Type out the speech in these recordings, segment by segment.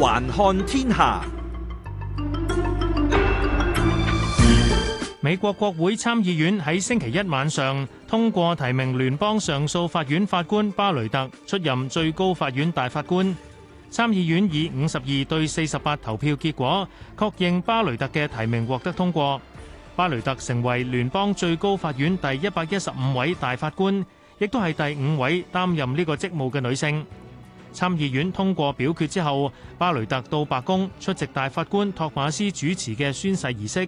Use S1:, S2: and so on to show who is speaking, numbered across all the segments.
S1: 環看天下，美國國會參議院喺星期一晚上通過提名聯邦上訴法院法官巴雷特出任最高法院大法官。參議院以五十二對四十八投票結果，確認巴雷特嘅提名獲得通過。巴雷特成為聯邦最高法院第一百一十五位大法官，亦都係第五位擔任呢個職務嘅女性。參議院通過表決之後，巴雷特到白宮出席大法官托馬斯主持嘅宣誓儀式，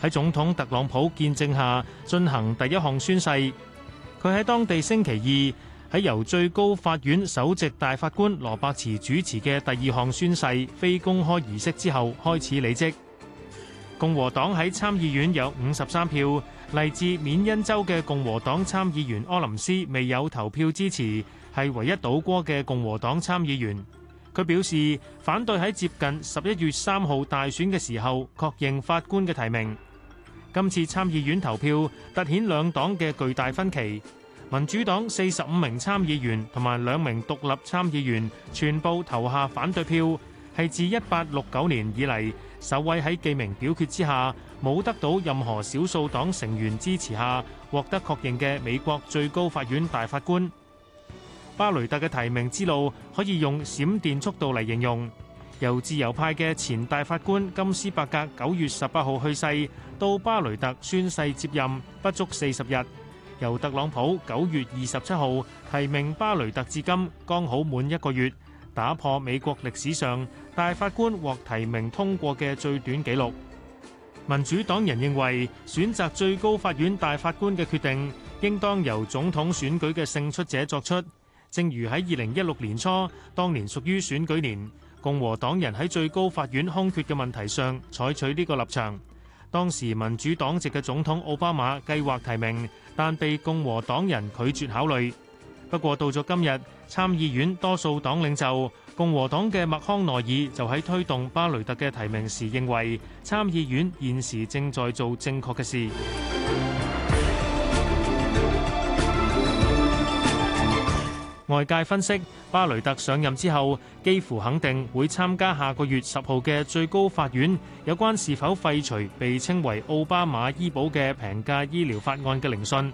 S1: 喺總統特朗普見證下進行第一項宣誓。佢喺當地星期二喺由最高法院首席大法官羅伯茨主持嘅第二項宣誓非公開儀式之後開始履職。共和黨喺參議院有五十三票。嚟自緬因州嘅共和黨參議員柯林斯未有投票支持，係唯一倒戈嘅共和黨參議員。佢表示反對喺接近十一月三號大選嘅時候確認法官嘅提名。今次參議院投票凸顯兩黨嘅巨大分歧，民主黨四十五名參議員同埋兩名獨立參議員全部投下反對票，係自一八六九年以嚟，首位喺記名表決之下冇得到任何少數黨成員支持下獲得確認嘅美國最高法院大法官。巴雷特嘅提名之路可以用閃電速度嚟形容。由自由派嘅前大法官金斯伯格九月十八號去世，到巴雷特宣誓接任不足四十日；由特朗普九月二十七號提名巴雷特至今，剛好滿一個月。打破美國歷史上大法官獲提名通過嘅最短紀錄。民主黨人認為選擇最高法院大法官嘅決定，應當由總統選舉嘅勝出者作出，正如喺二零一六年初，當年屬於選舉年，共和黨人喺最高法院空缺嘅問題上採取呢個立場。當時民主黨籍嘅總統奧巴馬計劃提名，但被共和黨人拒絕考慮。不過到咗今日，參議院多數黨領袖共和黨嘅麥康奈爾就喺推動巴雷特嘅提名時，認為參議院現時正在做正確嘅事。 外界分析，巴雷特上任之後，幾乎肯定會參加下個月十號嘅最高法院有關是否廢除被稱為奧巴馬醫保嘅平價醫療法案嘅聆訊。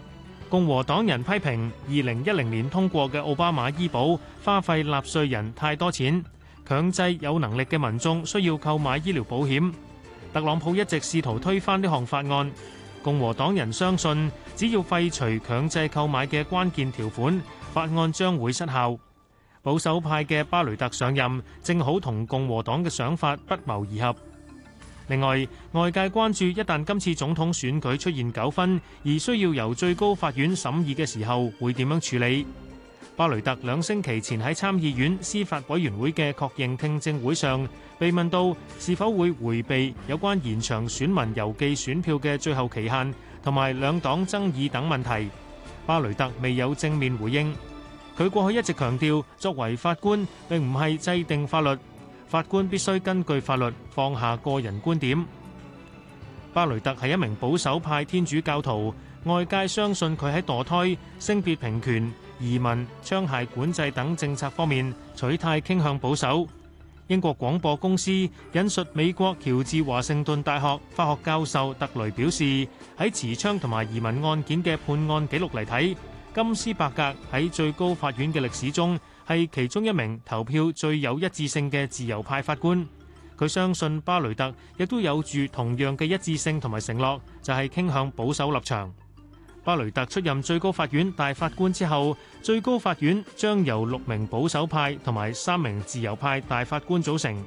S1: 共和黨人批評二零一零年通過嘅奧巴馬醫保花費納稅人太多錢，強制有能力嘅民眾需要購買醫療保險。特朗普一直試圖推翻呢項法案。共和黨人相信，只要廢除強制購買嘅關鍵條款，法案將會失效。保守派嘅巴雷特上任，正好同共和黨嘅想法不謀而合。另外，外界關注一旦今次總統選舉出現糾紛，而需要由最高法院審議嘅時候，會點樣處理？巴雷特兩星期前喺參議院司法委員會嘅確認聽證會上，被問到是否會迴避有關延長選民郵寄選票嘅最後期限，同埋兩黨爭議等問題，巴雷特未有正面回應。佢過去一直強調，作為法官並唔係制定法律。法官必須根據法律放下個人觀點。巴雷特係一名保守派天主教徒，外界相信佢喺墮胎、性別平權、移民、槍械管制等政策方面取態傾向保守。英國廣播公司引述美國喬治華盛頓大學法學教授特雷表示：喺持槍同埋移民案件嘅判案記錄嚟睇，金斯伯格喺最高法院嘅歷史中，係其中一名投票最有一致性嘅自由派法官，佢相信巴雷特亦都有住同樣嘅一致性同埋承諾，就係傾向保守立場。巴雷特出任最高法院大法官之後，最高法院將由六名保守派同埋三名自由派大法官組成。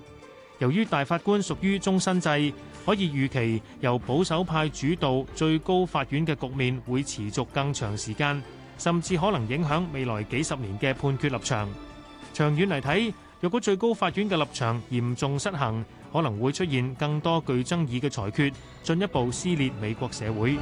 S1: 由於大法官屬於終身制，可以預期由保守派主導最高法院嘅局面會持續更長時間。甚至可能影響未來幾十年嘅判決立場。長遠嚟睇，若果最高法院嘅立場嚴重失衡，可能會出現更多具爭議嘅裁決，進一步撕裂美國社會。